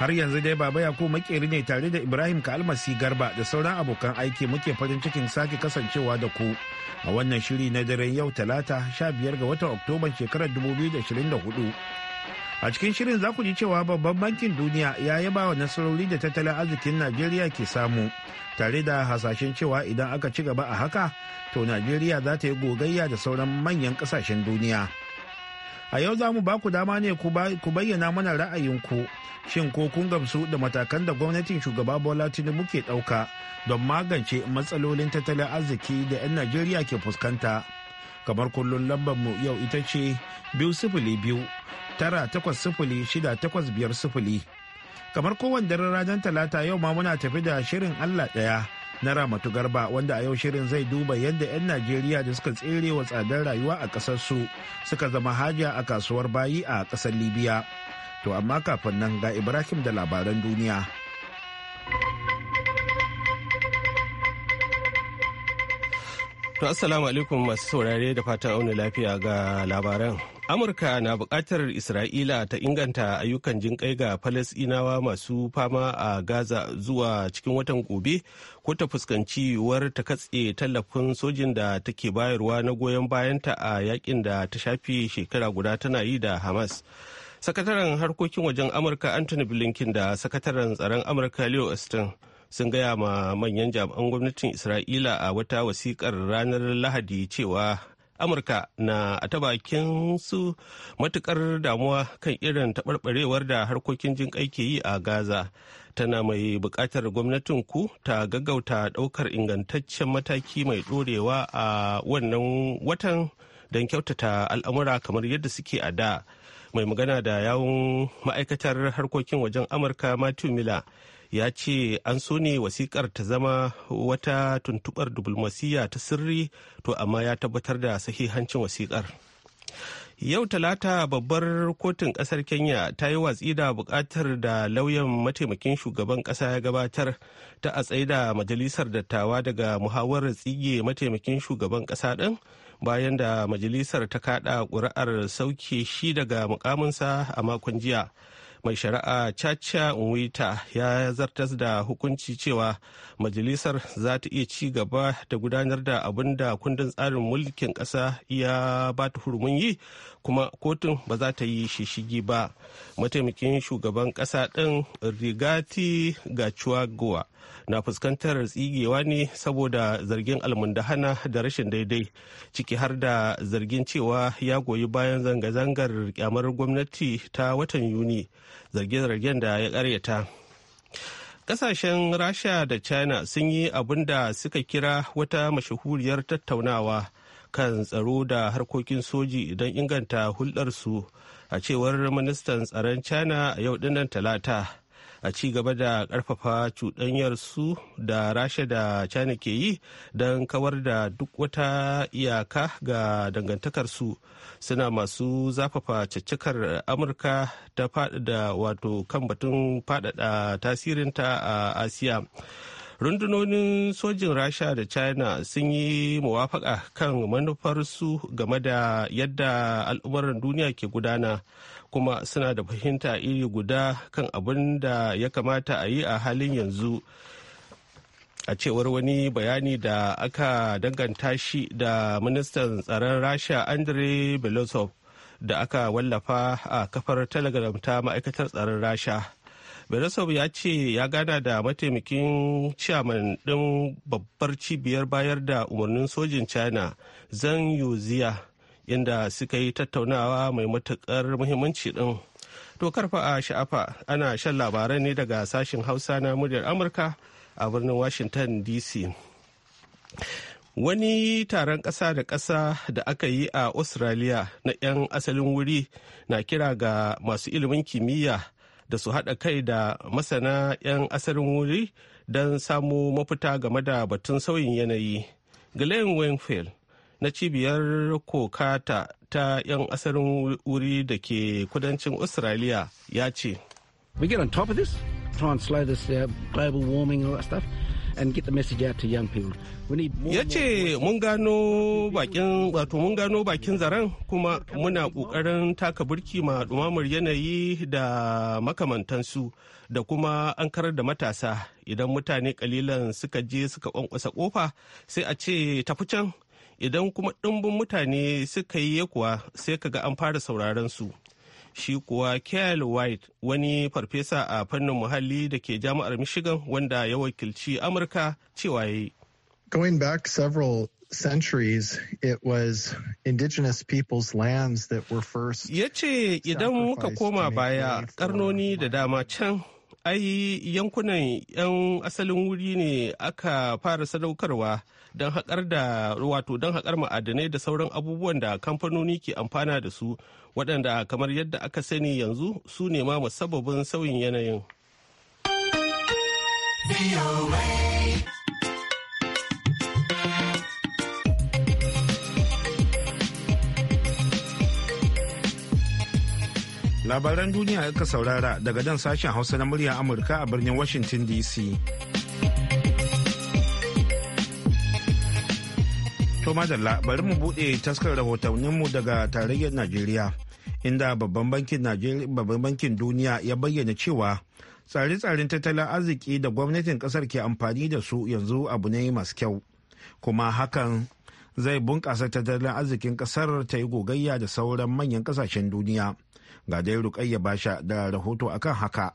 har yanzu dai baba yakub makeri ne tare da ibrahim kalmasi garba da sauran abokan aiki muke farin cikin sake kasancewa da ku a wannan shiri na daren yau talata sha biyar ga watan oktoban shekarar da hudu a cikin shirin za ku ji cewa babban bankin duniya ya yaba wa nasarori da tattalin arzikin najeriya ke samu tare da hasashen cewa idan aka ci gaba a haka to najeriya za ta yi gogayya da sauran manyan kasashen duniya. A yau za mu ba ku dama ne ku bayyana mana ra'ayinku shin ko kun gamsu da matakan da gwamnatin shugaba Bola Tinubu ke ɗauka don magance matsalolin tattalin arziki da 'yan Najeriya ke fuskanta. Kamar kullum lambar mu yau ita ce biyu sifili biyu tara takwas sifili shida takwas biyar sifili. Kamar kowanne dare ranar talata yau ma muna tafi da shirin Allah ɗaya. na ramatu garba wanda a yau shirin zai duba yadda 'yan najeriya da suka tsere wa tsadar rayuwa a ƙasarsu suka zama haja a kasuwar bayi a ƙasar libya to amma kafin nan ga ibrahim da labaran duniya to assalamu alaikum masu saurare da fatan auna lafiya ga labaran amurka na bukatar isra'ila ta inganta ayyukan jinƙai ga falasɗinawa masu fama a gaza zuwa cikin watan gobe ko ta fuskanci yiwuwar ta katse tallafin sojin da take bayarwa na goyon bayanta a yakin da ta shafi shekara guda tana yi da hamas sakataren harkokin wajen amurka anthony blinken da sakataren tsaron amurka leo austin sun gaya ma manyan jami'an gwamnatin isra'ila a wata wasikar ranar lahadi cewa amurka na ta bakin su matukar damuwa kan irin taɓarɓarewar da harkokin jin ke yi a gaza tana mai buƙatar gwamnatin ku ta gaggauta ɗaukar ingantaccen mataki mai ɗorewa a wannan watan don kyautata al'amura kamar yadda suke a da mai magana da yawun ma'aikatar harkokin wajen amurka matthew miller ya ce an so ne wasikar ta zama wata tuntubar dublomasiya ta sirri to amma ya tabbatar da sahihancin wasikar yau talata babbar kotun kasar kenya ta yi watsi da bukatar da lauyan mataimakin shugaban kasa ya gabatar ta a tsaida majalisar dattawa daga muhawarar tsige mataimakin shugaban kasa ɗin bayan da majalisar ta kaɗa ƙuri'ar sauke shi daga mukaminsa a makon jiya mai shari'a chacha nwita ya zartas da hukunci cewa majalisar za ta iya ci gaba da gudanar da abin da kundin tsarin mulkin ƙasa ya ba ta hurumin yi kuma kotun ba za ta yi shishigi ba mataimakin shugaban kasa ɗin rigati gachuagua na fuskantar tsigewa ne saboda zargin almundahana da rashin daidai ciki har da zargin cewa ya goyi bayan zanga-zangar kyamar gwamnati ta watan yuni zarge-zargen da ya karyata kasashen rasha da china sun yi abin da suka kira wata mashahuriyar tattaunawa kan tsaro da harkokin soji don inganta hulɗarsu a cewar ministan tsaron china a yau dinnan talata a ci gaba da ƙarfafa cuɗanyar su da rasha da china ke yi don kawar da duk wata iyaka ga dangantakarsu suna masu zafafa caccakar amurka ta faɗaɗa wato kan batun faɗaɗa tasirinta a asiya rundunonin sojin rasha da china sun yi muwafaka kan manufarsu game da yadda al'umaran duniya ke gudana kuma suna da fahimta iri guda kan abin da ya kamata a yi a halin yanzu a cewar wani bayani da aka danganta shi da ministan tsaron rasha andrei belosov da aka wallafa a kafar telegram ta ma'aikatar tsaron rasha Beresau ya ce ya gana da mataimakin ciyaman ɗin babbar cibiyar bayar da umarnin sojin China Zhang Yuziya inda suka yi tattaunawa mai matuƙar muhimmanci ɗin. To karfa a sha'afa ana shan labarai ne daga sashen Hausa na muryar Amurka a birnin Washington DC. Wani taron ƙasa da ƙasa da aka yi a Australia na 'yan asalin wuri na kira ga masu ilimin kimiyya da su haɗa kai da masana 'yan asalin wuri don samu mafita game da batun sauyin yanayi. Glenn Winfield na cibiyar kokata ta 'yan asalin wuri da ke kudancin Australia ya ce. We get on top of this, try and slow this uh, warming and all that and Ya ce mun gano bakin wato mun gano bakin zaren kuma muna kokarin taka burki ma dumamar yanayi da makamantansu da kuma an karar da matasa idan mutane kalilan suka je suka kwankwasa kofa sai a ce tafi can idan kuma ɗumbin mutane suka yi yakuwa sai kaga an fara sauraron su. shi kuwa Kel White wani farfesa a fannin muhalli da ke jami'ar Michigan wanda ya wakilci Amurka cewa yayi. Going back several centuries it was indigenous people's lands that were first. Ya ce idan muka koma baya karnoni da dama can ai yankunan 'yan asalin wuri ne aka fara sadaukarwa don haƙar da wato don haƙar ma'adanai da sauran abubuwan da kamfanoni ke amfana da su waɗanda kamar yadda aka sani yanzu su ne ma musabbabin sauyin yanayin. labaran duniya aka saurara daga dan sashen hausa na murya amurka a birnin washington dc to madalla bari mu bude taskar rahotanninmu daga tarayyar najeriya inda babban bankin bankin duniya ya bayyana cewa tsare-tsaren tattalin arziki da gwamnatin kasar ke amfani da su yanzu abu ne masu kyau kuma hakan zai bunkasa tattalin arzikin kasar ta yi gogayya da sauran manyan kasashen duniya ga dai rukayya basha da rahoto akan haka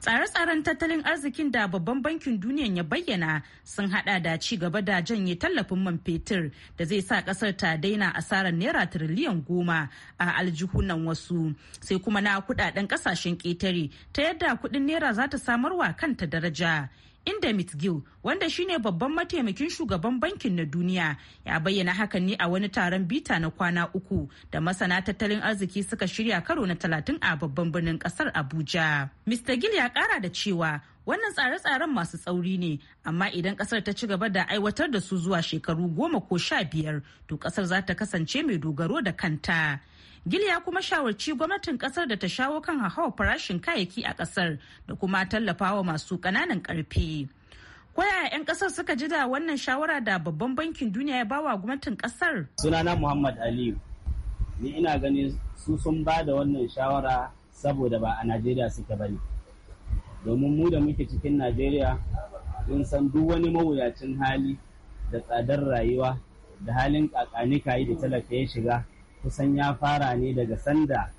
Tsare-tsaren tattalin arzikin da babban bankin duniya ya bayyana sun hada da ci gaba da janye tallafin man fetur da zai sa kasar ta daina asarar naira tiriliyan goma a aljihunan wasu sai kuma na kudaden kasashen ketare ta yadda kudin naira za ta samarwa kanta daraja. inda gill wanda shine babban mataimakin shugaban bankin na duniya ya bayyana hakan ne a wani taron bita na kwana uku da masana tattalin arziki suka shirya karo na talatin a babban birnin kasar abuja mr gil ya kara da cewa wannan tsare-tsaren masu tsauri ne amma idan kasar ta ci gaba da aiwatar da su zuwa shekaru goma ko sha biyar to kasar za ta kasance mai dogaro da kanta Gil ya kuma shawarci gwamnatin kasar da ta shawo kan hauhawar farashin kayayyaki a kasar da kuma tallafawa masu kananan karfi kwaya 'yan kasar suka ji da wannan shawara da babban bankin duniya ya bawa gwamnatin kasar? Sunana Muhammad Aliyu. Ni ina ganin su sun ba da wannan shawara saboda ba a Najeriya suke bane. Domin mu da muke cikin Najeriya sun san duk wani mawuyacin hali da tsadar rayuwa da halin kakanika yi da talaka ya shiga kusan ya fara ne daga sanda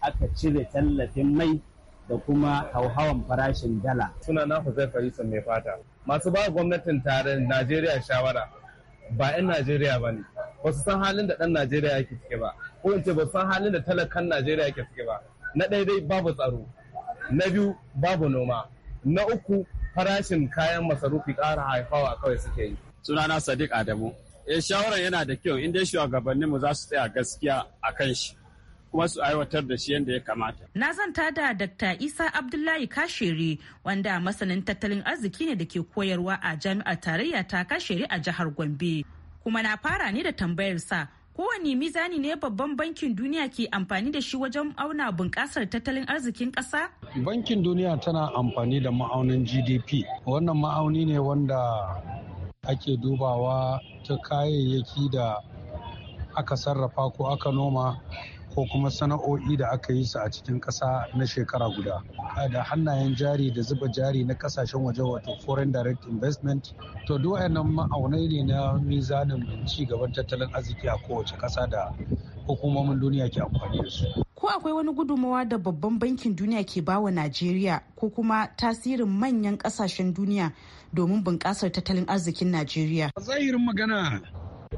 aka cire tallafin mai da kuma hauhawan farashin dala. Suna na Hussein Farisa mai fata. Masu ba gwamnatin tare Najeriya shawara ba 'yan Najeriya ba ne. Ba su san halin da ɗan Najeriya yake cike ba. Ko in ce ba san halin da talakan Najeriya yake cike ba. Na ɗaya dai babu tsaro. Na biyu babu noma. Na uku farashin kayan masarufi ƙara haifawa kawai suke yi. Sunana Sadiq Adamu. eh shawarar yana da kyau inda mu za su tsaya gaskiya a kan shi kuma su aiwatar da shi yadda ya kamata. Na zanta da Dr. Isa Abdullahi Kashiri wanda masanin tattalin arziki ne da ke koyarwa a jami'ar tarayya ta Kashiri a jihar Gombe. Kuma na fara ne da tambayar sa kowane mizani ne babban bankin duniya ke amfani da shi wajen auna bunƙasar tattalin arzikin ƙasa? Bankin duniya tana amfani da ma'aunin GDP. Wannan ma'auni ne wanda ake dubawa ta kayayyaki da aka sarrafa ko aka noma ko kuma sana'o'i da aka yi su a cikin ƙasa na shekara guda da hannayen jari da zuba jari na kasashen waje wato foreign direct investment to duk wayannan ma'aunai ne na mizanin ci gaban tattalin arziki a kowace ƙasa da hukumomin duniya ke amfani da su. Ko akwai wani gudummawa da babban bankin duniya ke bawa Najeriya ko kuma tasirin manyan kasashen duniya domin bunƙasar tattalin arzikin Najeriya? A zahirin magana,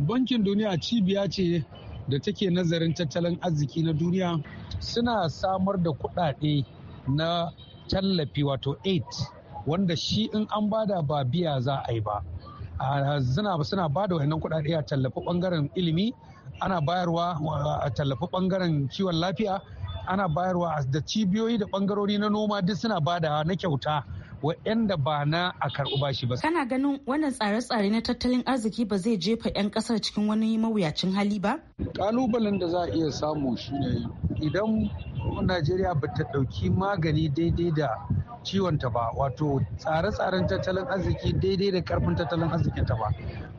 bankin duniya cibiya ce da take nazarin tattalin arziki na duniya suna samar da kuɗaɗe na tallafi wato 8 wanda shi in an bada ba biya za a yi ba. suna ba da wannan kuɗaɗe a tallafi ɓangaren ilimi ana bayarwa a tallafi bangaren kiwon lafiya ana bayarwa da cibiyoyi da bangarori na noma duk suna bada na kyauta waɗanda ba na a karɓi bashi ba. Kana ganin wannan tsare-tsare na tattalin arziki ba zai jefa 'yan ƙasar cikin wani mawuyacin hali ba? Ƙalubalen da za a iya samu shi ne idan Najeriya ba ta ɗauki magani daidai da ciwonta ba wato tsare-tsaren tattalin arziki daidai da ƙarfin tattalin arzikinta ba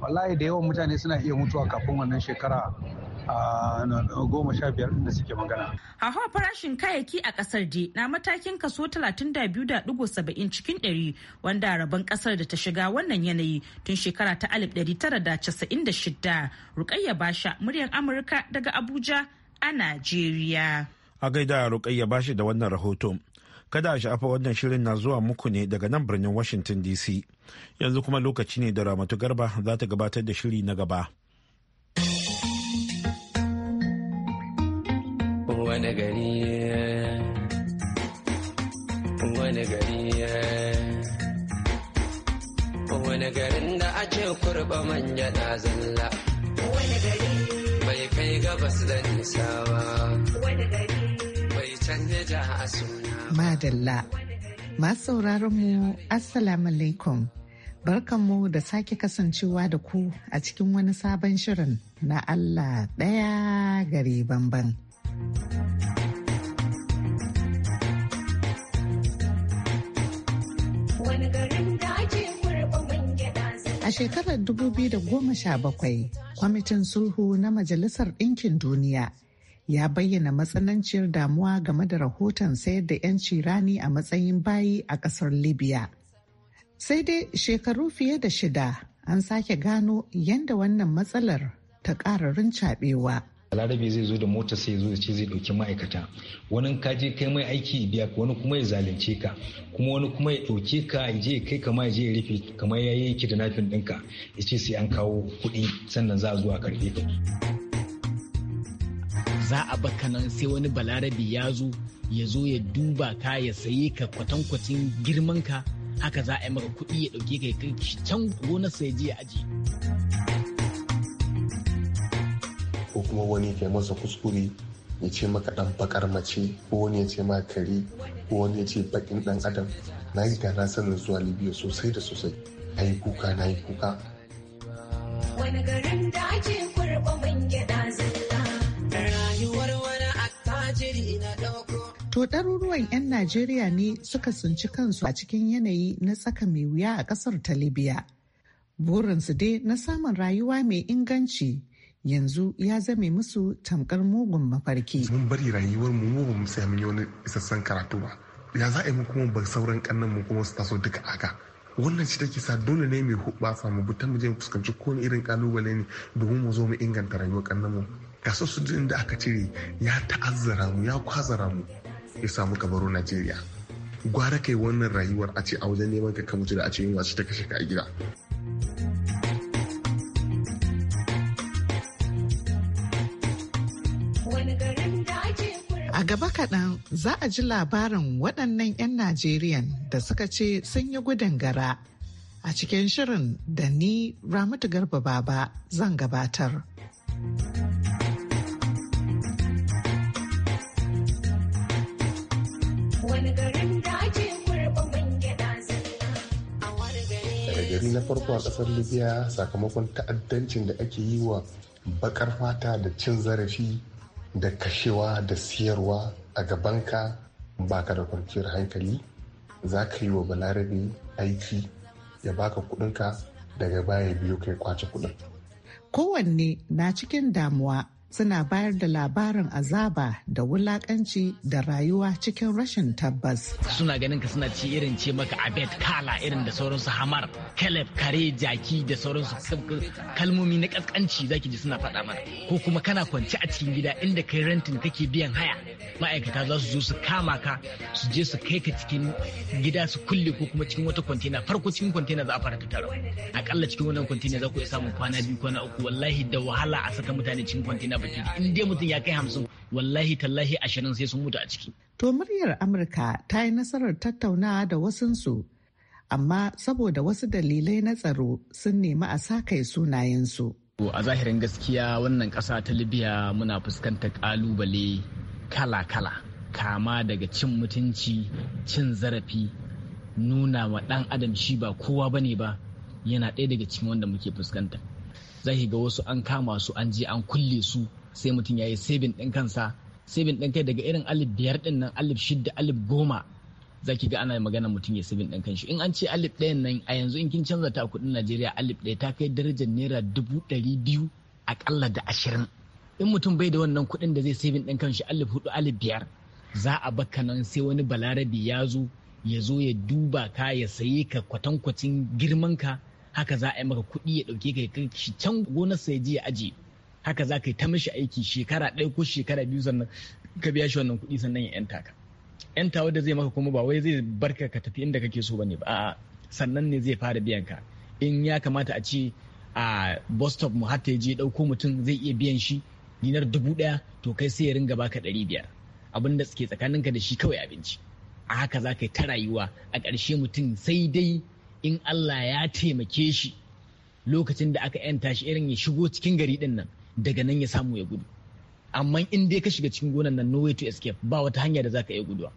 wallahi da yawan mutane suna iya mutuwa kafin wannan shekara goma sha biyar da suke magana. Hawa farashin kayayyaki a kasar de na matakin kaso 32.70 cikin 100 wanda rabon kasar da ta shiga wannan yanayi tun shekara ta alif tara da da casa'in 1996 rukayya basha muryar Amurka daga Abuja a Najeriya. A gaida rukayya shi da wannan rahoto. Kada a sha'afa wannan shirin na zuwa muku ne daga nan birnin Washington DC. Yanzu kuma lokaci ne da Ramatu Garba za ta gabatar da shiri na gaba. wani gari wani gari wani garin da a ce kurba manya da zalla wani gari bai kai gabas da nisa ba wani gari bai canje ja a suna madalla masu sauraron mu assalamu alaikum Barkanmu da sake kasancewa da ku a cikin wani sabon shirin na Allah ɗaya gari bamban A shekarar 2017, kwamitin sulhu na Majalisar Ɗinkin Duniya ya bayyana matsananciyar damuwa game da rahoton sayar da 'yanci rani a matsayin bayi a ƙasar Libya. Sai dai shekaru fiye da shida an sake gano yadda wannan matsalar ta ƙararin caɓewa. Balarabe zai zo da mota sai zo da ce zai dauki ma'aikata. Wani ka je kai mai aiki biya wani kuma ya zalunce ka kuma wani kuma ya ɗauke ka ya je kai kama ya je ya rufe kamar ya yi kidnapping ɗinka ya ce sai an kawo kuɗi sannan za a zo a karɓe ka. za a baka nan sai wani balarabi ya zo ya zo ya duba ka ya saye ka kwatankwacin girman ka haka za a yi maka kuɗi ya dauke ka ya kai can gonar sai ya je ya aji. ko kuma wani ke masa kuskure ya ce maka dan bakar mace ko wani ya ce maka kare ko wani ya ce bakin dan adam na yi da na sanin zuwa libya sosai da sosai na yi kuka na yi kuka wani garin da ake kurba man gyada zalla rayuwar wani attajiri na dauko To ɗaruruwan 'yan Najeriya ne suka sunci kansu a cikin yanayi na tsaka mai wuya a ƙasar ta Libya. Burinsu dai na samun rayuwa mai inganci yanzu ya zame musu tamkar mugun mafarki. Mun bari rayuwar mu mu ba mu sami wani isassan karatu ba. Ya za a yi kuma ba sauran kannan mu kuma su taso duka haka. Wannan shi take sa dole ne mai hubasa mu buta mu je mu fuskanci kowane irin kalubale ne domin mu zo mu inganta rayuwar kannan mu. Gasar su da aka cire ya ta'azzara mu ya kwazara mu ya samu kabaro Najeriya. Gwara kai wannan rayuwar a ce a wajen neman ka mutu da a ce yunwa ce ta kashe ka a gida. A gaba kaɗan za a ji labarin waɗannan 'yan Najeriyan da suka ce sun yi gudun gara a cikin shirin da ni Ramatu Garba Baba zan gabatar. Wani gari na farko a kasar libya sakamakon ta'addancin da ake yi wa baƙar fata da cin zarafi da kashewa da siyarwa a gabanka baka da kwanciyar hankali za ka yi wa balarabe aiki ya baka kudinka daga baya biyu kai kwace kudin kowanne na cikin damuwa suna bayar da labarin azaba da wulakanci da rayuwa cikin rashin tabbas. Suna ganin ka suna ci irin ce maka abet kala irin da sauransu hamar, kalef, kare, jaki da sauransu kalmomi na kaskanci zaki ji suna faɗa mana. Ko kuma kana kwance a cikin gida inda kai rentin kake biyan haya. Ma'aikata za su zo su kama ka su je su kai ka cikin gida su kulle ko kuma cikin wata kwantena farko cikin kwantena za a fara tattara. Akalla cikin wannan kwantena za ku iya samun kwana biyu kwana uku wallahi da wahala a saka mutane cikin kwantena asibiti in dai mutum ya kai hamsin wallahi tallahi ashirin sai sun mutu a ciki. To muryar Amurka ta yi nasarar tattaunawa da wasunsu amma saboda wasu dalilai na tsaro sun nemi a sa kai sunayensu. A zahirin gaskiya wannan ƙasa ta Libya muna fuskantar ƙalubale kala-kala kama daga cin mutunci, cin zarafi, nuna wa ɗan adam shi ba kowa bane ba yana ɗaya daga cikin wanda muke fuskanta. za ga wasu an kama su an je an kulle su sai mutum ya yi sabin ɗin kansa sabin ɗin kai daga irin alif biyar ɗin nan alif shidda alif goma za ki ga ana magana mutum ya sabin ɗin kanshi in an ce alif ɗayan nan a yanzu in kin canza ta kuɗin najeriya alif ɗaya ta kai darajar naira dubu ɗari biyu aƙalla da ashirin in mutum bai da wannan kuɗin da zai sabin ɗin kanshi alif hudu alif biyar za a baka nan sai wani balarabi ya zo ya zo ya duba ka ya saye ka kwatankwacin girman ka haka za a yi maka kuɗi ya ɗauke ka ya kai shi can gonar sa ya je ya haka za ka yi ta mishi aiki shekara ɗaya ko shekara biyu sannan ka biya shi wannan kuɗi sannan ya yanta ka yanta wanda zai maka kuma ba wai zai barka ka tafi inda kake so bane ba a'a sannan ne zai fara biyan ka in ya kamata a ce a bus stop mu hatta ya je ɗauko mutum zai iya biyan shi dinar dubu ɗaya to kai sai ya ringa baka ɗari biyar abin da suke tsakaninka da shi kawai abinci a haka za ka yi ta rayuwa a ƙarshe mutum sai dai in Allah ya taimake shi lokacin da aka yanta shi irin ya shigo cikin gari din nan daga nan ya samu ya gudu amma in dai ka shiga cikin gonan nan no way to escape ba wata hanya da zaka iya guduwa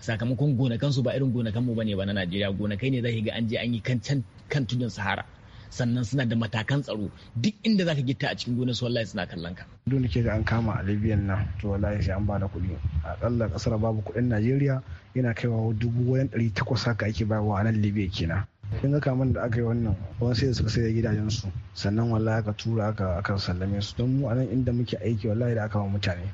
sakamakon gonakan su ba irin gonakan mu bane ba na Najeriya gonakai ne zaki ga an je an yi kan can kan tudun Sahara sannan suna da matakan tsaro duk inda zaka gita a cikin gonar su wallahi suna kallon ka dole ke ga an kama a libyan nan to wallahi sai an bada kuɗi a akalla kasar babu kuɗin najeriya yana kaiwa dubu wajen ɗari takwas haka ake bayarwa a nan libya kenan in ga kamar da aka yi wannan wani sai da suka sai su sannan wallahi aka tura aka aka sallame su don mu a nan inda muke aiki wallahi da aka ba mutane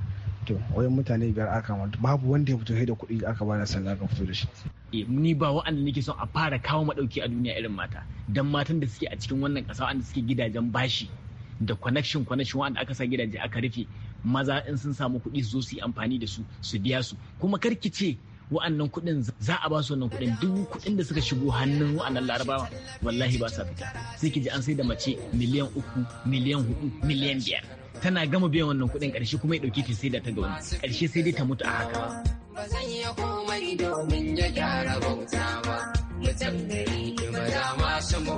to wajen mutane biyar aka babu wanda ya fito da kuɗi aka bada sannan aka fito da shi yaƙe eh, ni ba wa'anda nake son a fara kawo maɗauki a duniya irin mata don matan da suke a cikin wannan ƙasa wa'anda suke gidajen bashi da connection connection wa'anda aka sa gidaje aka rufe maza in sun samu kuɗi su zo su yi amfani da su su biya su kuma kar ki ce wa'annan kuɗin za a ba su wannan kuɗin duk kuɗin da suka shigo hannun wa'annan larabawa wallahi ba sa fita sai ki ji an sai da mace miliyan uku miliyan hudu miliyan biyar tana gama biyan wannan kuɗin ƙarshe kuma ya ɗauki ta sai da ta ga wani ƙarshe sai dai ta mutu a haka. wani domin ya gyara bauta ba mutum gari ba su ko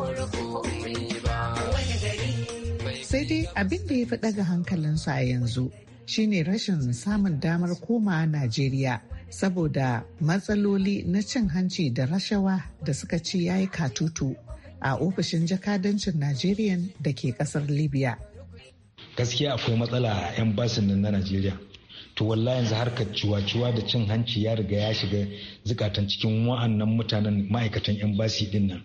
ba wani gari sai dai abin da ya fi ɗaga hankalinsa a yanzu shine rashin samun damar koma Najeriya saboda matsaloli na cin hanci da rashawa da suka ci yayi katutu a ofishin jakadancin Najeriya da ke kasar Libya. Gaskiya akwai matsala a 'yan basin na Najeriya. to wallahi yanzu harkar ciwa-ciwa da cin hanci ya riga ya shiga zukatan cikin wa'annan mutanen ma'aikatan embassy din nan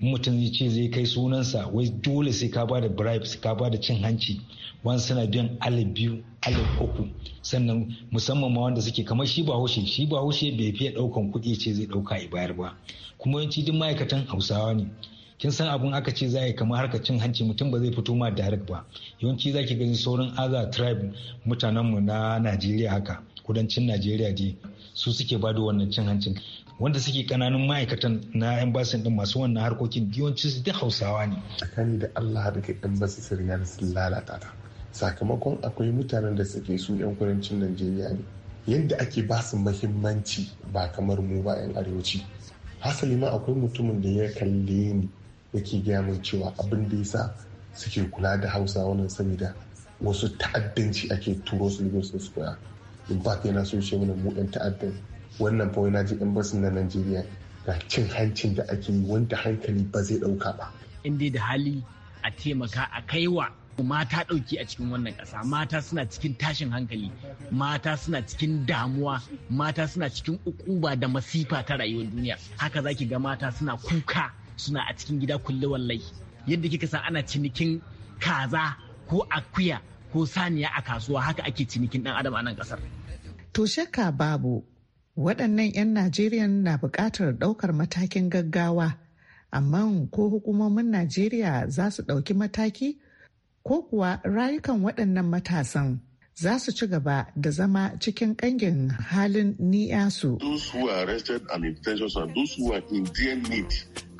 mutum zai ce zai kai sunansa wai dole sai ka ba da bribes ka ba da cin hanci wani suna biyan alif biyu alif uku sannan musamman ma wanda suke kamar shi bahaushe shi bahaushe bai fiye daukan kuɗi ce zai dauka ya bayar ba kuma yanci duk ma'aikatan hausawa ne kin san abun aka ce za a yi kamar harka cin hanci mutum ba zai fito ma direct ba yawanci zaki gani sauran other tribe mutanenmu na najeriya haka kudancin najeriya dai su suke bada wannan cin hancin wanda suke kananan ma'aikatan na embassy din masu wannan harkokin yawanci su da hausawa ne tsakani da allah da kai embassy basu sirriya sun lalata ta sakamakon akwai mutanen da suke su yan kudancin najeriya ne yadda ake ba su muhimmanci ba kamar mu ba yan arewaci hasali ma akwai mutumin da ya kalle ni yake gaya mai cewa abin da yasa suke kula da hausa wannan saboda wasu ta'addanci ake turo su lagos su koya in fact yana so shi mana mu yan ta'addan wannan fa na ji embassy na nigeria ga cin hancin da ake yi wanda hankali ba zai dauka ba in dai da hali a taimaka a kai wa. mata ɗauki a cikin wannan ƙasa mata suna cikin tashin hankali mata suna cikin damuwa mata suna cikin ukuba da masifa ta rayuwar duniya haka zaki ga mata suna kuka suna a cikin gida kulle wallai yadda kika san ana cinikin kaza ko akuya ko saniya a kasuwa haka ake cinikin dan adam a nan kasar to shakka babu waɗannan 'yan najeriya na buƙatar ɗaukar matakin gaggawa amma ko hukumomin najeriya za su ɗauki mataki ko kuwa rayukan waɗannan matasan za su ci gaba da zama cikin kangin halin ni'yasu. Those who are arrested and in detention and those who are in dear need.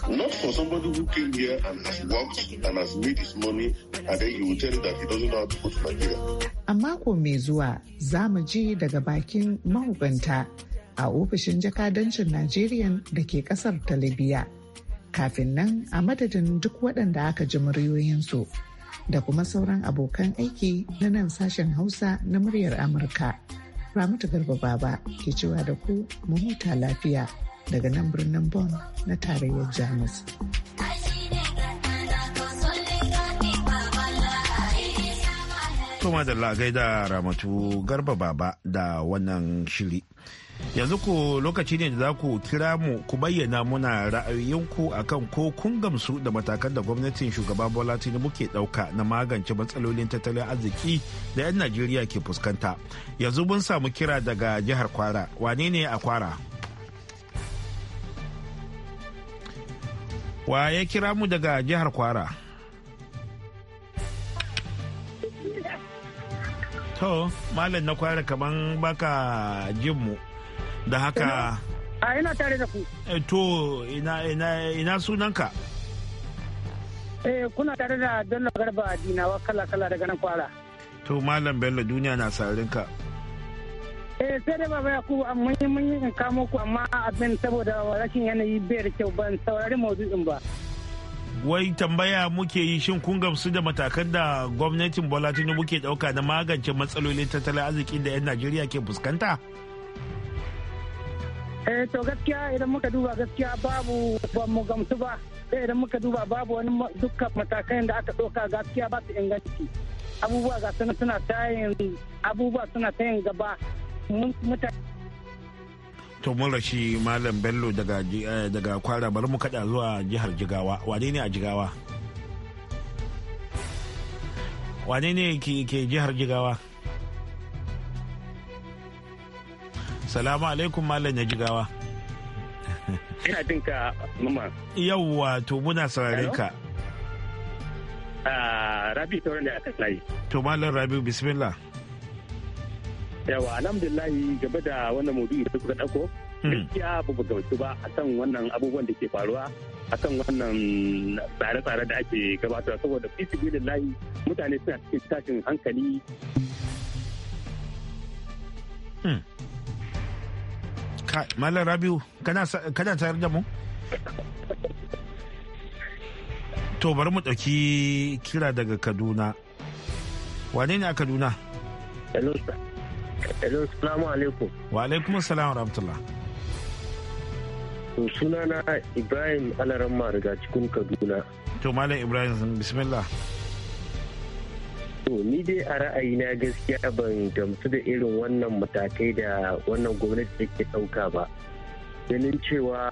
Not for somebody who came here and has worked and has made his money and then you will tell him that he doesn't know how to go money. Nigeria. A mako mai zuwa za mu ji daga bakin mahukunta a ofishin jakadancin Najeriya da ke kasar ta Kafin nan a madadin duk waɗanda aka ji muryoyinsu. da kuma sauran abokan aiki na nan sashen Hausa na muryar Amurka. Ramatu Garba Baba ke cewa da ku mu huta lafiya daga nan birnin Bon na tarayyar Jamus. Kuma da lagai da Ramatu Garba Baba da wannan shiri. yanzu ku lokaci ne da za ku kira mu ku bayyana muna ra'ayoyinku akan ko kun gamsu da matakan da gwamnatin shugaban bola tinubu ke dauka na magance matsalolin tattalin arziki da 'yan najeriya ke fuskanta yanzu mun samu kira daga jihar kwara wane ne a kwara wa ya kira mu daga jihar kwara to malam na kwara kaman baka jin mu da haka a ah, ina tare da ku eh, to ina ina ina sunanka eh kuna tare da Bello Garba Dinawa kala kala daga nan kwara to malam Bello duniya na sarin ka eh sai dai baba ku amma ah, mun yi in kamo ku amma abin saboda rashin yanayi bai da kyau ban saurari maudu'in ba wai tambaya muke yi shin kun gamsu da matakan da gwamnatin Bola Tinubu ke dauka na magance matsalolin tattalin arzikin da 'yan Najeriya ke fuskanta? eh to gaskiya idan muka duba gaskiya babu ba mu gamsu ba sai eh, idan muka duba babu wani dukkan matakan da aka ɗauka gaskiya ba su inganci abubuwa ga suna suna tayin abubuwa suna tayin gaba mutane to mun rashi malam bello daga eh, daga kwara bari mu kada zuwa jihar jigawa wane ne a jigawa wane ne ke jihar jigawa Salamu alaikum Malam ya jigawa. Ina jin ka mama. Yawwa to muna saurare ka. Ah, Rabi ta wanda aka layi. To Malam Rabi bismillah. Yawa alhamdulillahi gaba da wannan mudu da kuka dauko. Hmm. Gaskiya ba ba gautu ba a kan wannan abubuwan da ke faruwa a kan wannan tsare-tsare da ake gabatarwa saboda layi mutane suna cikin tashin hankali. Hmm. Malam Rabiu kana tayar da mu? To bari mu ɗauki kira daga Kaduna. Wane ne a Kaduna? Hello, salamu alaikum. Wa alaikum salamu rahmatullah. To sunana Ibrahim Alaramma daga cikin Kaduna. To Malam Ibrahim bismillah. To ni dai a ra'ayina gaskiya ban gamsu da irin wannan matakai da wannan gwamnati take ɗauka ba. Ganin cewa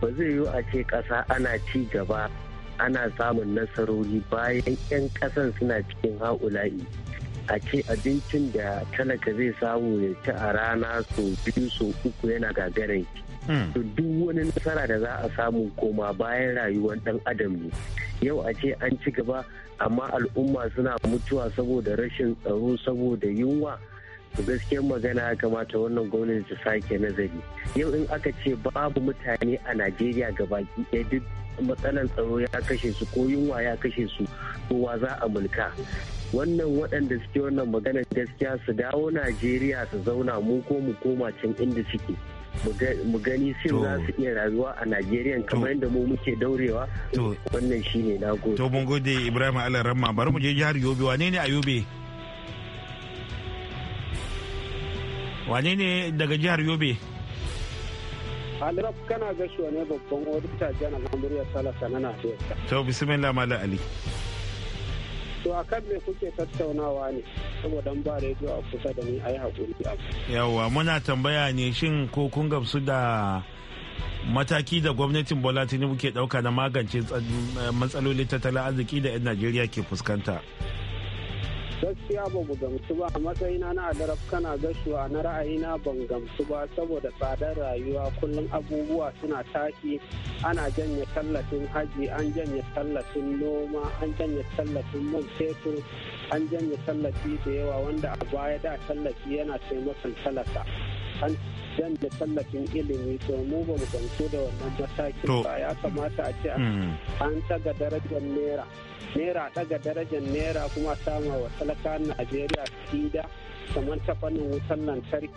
ba zai yiwu a ce ƙasa ana ci gaba ana samun nasarori bayan 'yan ƙasan suna cikin ha'ula'i. A ce abincin da talaka zai samu ya ci a rana sau biyu sau uku yana gagarai. Hmm. duk wani nasara da za a samu koma bayan rayuwar dan adam ne yau a ce an ci gaba amma al'umma suna mutuwa saboda rashin tsaro saboda yunwa gaskiyar magana ya kamata wannan gwamnati ta sake nazari yau in aka ce babu mutane a najeriya gabaki ɗaya duk matsalan tsaro ya kashe su ko yunwa ya kashe su kowa za a mulka wannan waɗanda suke wannan magana gaskiya su dawo najeriya su zauna mu ko mu koma can inda suke mu gani shin za su iya rayuwa a Najeriya kamar yadda mu muke daurewa wannan shi ne na gode. To mun gode Ibrahim Alaramma bari mu je jihar Yobe wane ne a Yobe? Wane ne daga jihar Yobe? Alirab kana gashuwa ne babban jana janar Amuriyar Salasa na Najeriya. To bismillah Malam Ali. to a kan me kuke tattaunawa ne saboda ba rediyo a kusa da ni a yi haƙuri yawwa muna tambaya ne shin ko kun gamsu da mataki da gwamnatin bola tinubu ke ɗauka na magance matsalolin tattalin arziki da 'yan najeriya ke fuskanta gaskiya ba mu gamsu ba a matsayina na adarab kana gashuwa na ra'ayina ban gamsu ba saboda tsadar rayuwa kullum abubuwa suna taki ana janye tallafin haji an janye tallafin noma an janye tallafin man fetur an janye tallafi da yawa wanda a baya da tallafi yana taimakon talaka kan dan da tallafin ilimi to mu ba mu gamsu da wannan matakin ba ya kamata a ce an hmm. taga darajar naira naira taga darajar naira kuma sama wa talakan najeriya sida kamar ta fannin wutan lantarki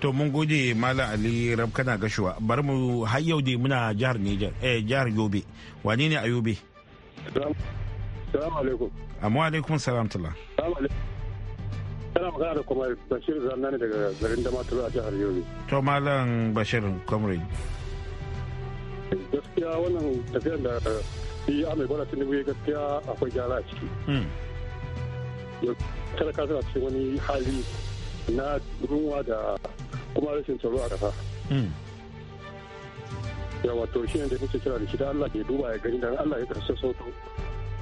to mun gode malam ali rab kana gashuwa bari mu har yau dai muna jihar niger eh jihar yobe wani ne a yobe salamu alaikum amma alaikum salam tala Kana magana da kuma Bashir Zannani daga garin Damaturu a jihar Yobe. To Malam Bashir Kwamri. Gaskiya wannan tafiyar da yi amai bala tinubu ya gaskiya akwai gyara a ciki. Hmm. Talaka suna cikin wani hali na ruwa da kuma rashin tsaro a ƙasa. Hmm. Yawa to shi ne da muke kira da shi da Allah ke duba ya gani dan Allah ya karsa sauto.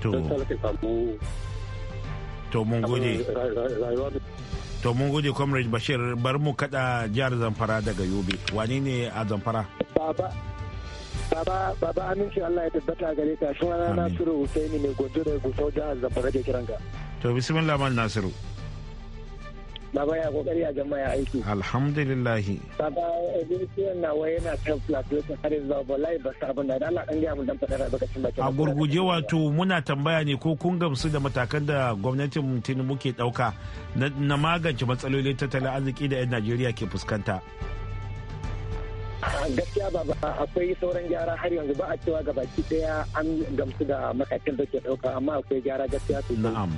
To. Dan talaka samu to mun gode to mun gode comrade bashir bar mu kada jihar zamfara daga yobe wani ne a zamfara Baba Baba Aminci Allah ya tabbata gare ka sunana Nasiru Husaini ne gondo da gusau jihar Zamfara da kiranka To bismillah mal Nasiru. Baba ya kokari a jama'a aiki. Alhamdulillah. Baba Ezekiel eh, na wai yana kan flatulation har yanzu ba wallahi ba sabon da Allah dan gaya mu dan fadar bakin. A gurguje wato muna tambaya ne ko kun gamsu da matakan da gwamnatin Tinubu ke dauka na magance matsalolin tattalin arziki da 'yan Najeriya ke fuskanta. gaskiya ba akwai sauran gyara har yanzu ba a cewa gabaki daya an gamsu da matakan da ke dauka amma akwai gyara gaskiya sosai. Na'am.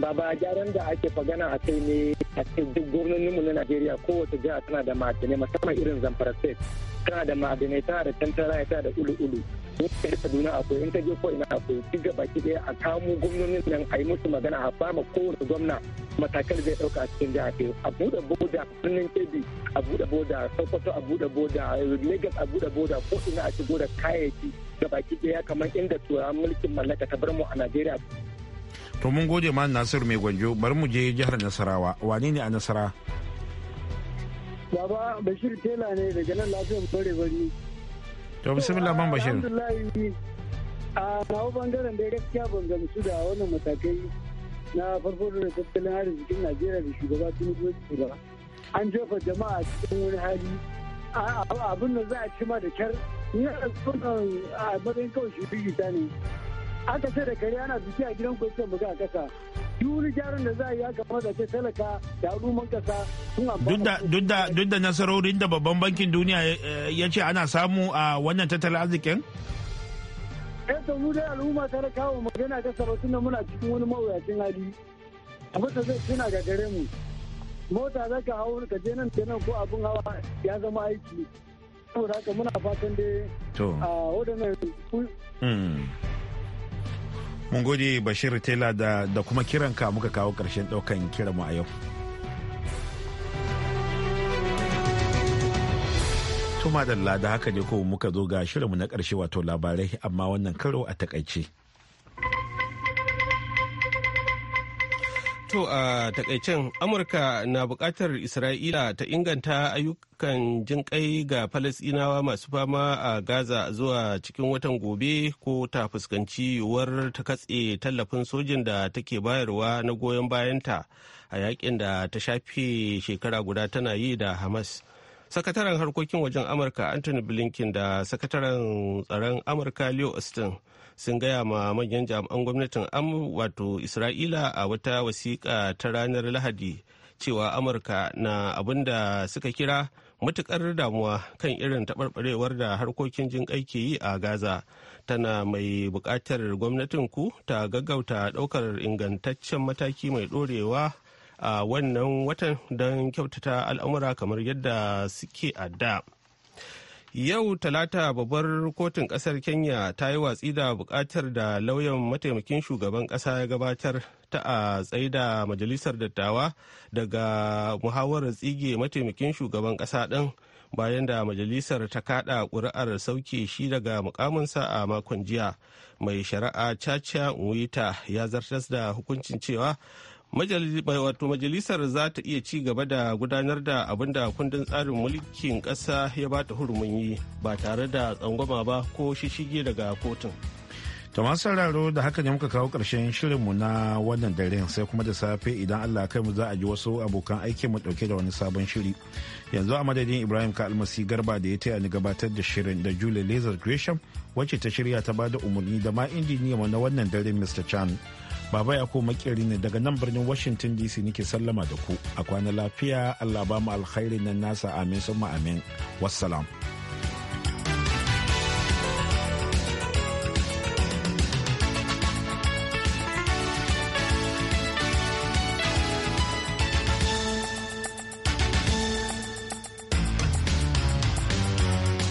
ba ba gyaran da ake fagana a kai ne a cikin duk gwamnoninmu na najeriya kowace jiha tana da ma'adinai musamman irin zamfara state tana da ma'adinai tana da tantara tana da ulu-ulu in ta yi kaduna akwai in ta je ko ina akwai duk gaba ki ɗaya a kamo gwamnonin nan a yi musu magana a fama kowace gwamna matakan zai ɗauka a cikin jiha ke a buɗe boda birnin kebbi a buɗe boda sokoto a buɗe boda lagos a buɗe boda ko ina a shigo da kayayyaki gaba ki ɗaya kamar inda turawan mulkin mallaka ta bar mu a najeriya to mun gode ma nasiru mai gwanjo bari mu je jihar nasarawa wani ne a nasara baba bashir tela ne daga nan lafiyar bare bari to bismillah man bashir a nawa bangaren da gaskiya ban gamsu da wannan matakai na farko da tattalin arzikin najeriya da shugaba tinubu ba an jefa jama'a cikin wani hali abin da za a ci ma da kyar ni a matsayin kawai shi ne aka ce da kare ana biki a gidan kwaikwayon buga a kasa duk gyaran da za a yi aka da ce talaka da al'umman kasa sun amfana duk da nasarorin da babban bankin duniya eh, ya ce ana samu a wannan tattalin arzikin eh to mu dai al'umma ta kawo magana ta saba tunda muna cikin wani mawuyacin hali abin da zai suna ga gare mu mota za ka hau ka je nan ta nan ko abin hawa ya zama aiki saboda haka muna fatan dai a waɗannan hmm. mun gode bashir tela da, da kuma kiranka muka kawo ƙarshen ɗaukan mu a yau tuma da haka ne ko muka zo ga shirinmu na ƙarshe wato labarai amma wannan karo a takaice. To a takaicen Amurka na bukatar Isra'ila ta inganta ayyukan jinƙai ga Falasɗinawa masu fama a Gaza zuwa cikin watan gobe ko ta fuskanci yiwuwar ta katse tallafin sojin da take bayarwa na goyon bayanta a yakin da ta shafe shekara guda tana yi da Hamas. sakataren harkokin wajen amurka anthony blinken da sakataren tsaron amurka leo austin sun gaya ma manyan jami'an gwamnatin wato isra'ila a wata wasiƙa ta ranar lahadi cewa amurka na abin da suka kira matukar damuwa kan irin taɓarɓarewar da harkokin jin ke yi a gaza tana mai buƙatar gwamnatin ku ta gaggauta ɗaukar ingantaccen mataki mai ɗorewa a wannan watan don kyautata al'amura kamar yadda suke a da. yau talata babbar kotun kasar kenya ta yi watsi da bukatar da lauyan mataimakin shugaban kasa ya gabatar ta a tsaida majalisar dattawa daga muhawarar tsige mataimakin shugaban kasa ɗin bayan da majalisar ta kaɗa ƙuri'ar sauke shi daga mukaminsa a makon jiya mai shari'a caca nwita ya zartas da hukuncin cewa majalisar za ta iya ci gaba da gudanar da abin da kundin tsarin mulkin ƙasa ya ba ta hurumin yi ba tare da tsangwama ba ko shishige daga kotun. Tama sauraro da haka ne muka kawo ƙarshen shirinmu na wannan daren sai kuma da safe idan Allah kai mu za a ji wasu abokan aiki mu ɗauke da wani sabon shiri. Yanzu a madadin Ibrahim ka garba da ya taya ni gabatar da shirin da Julie Lazar Gresham wacce ta shirya ta bada umarni da ma injiniya na wannan daren Mr. Chan. Baba ya ko makeri ne daga nan birnin Washington DC nake sallama da ku. A kwana lafiya Allah ba mu alkhairi nan nasa amin ma amin. Wassalam.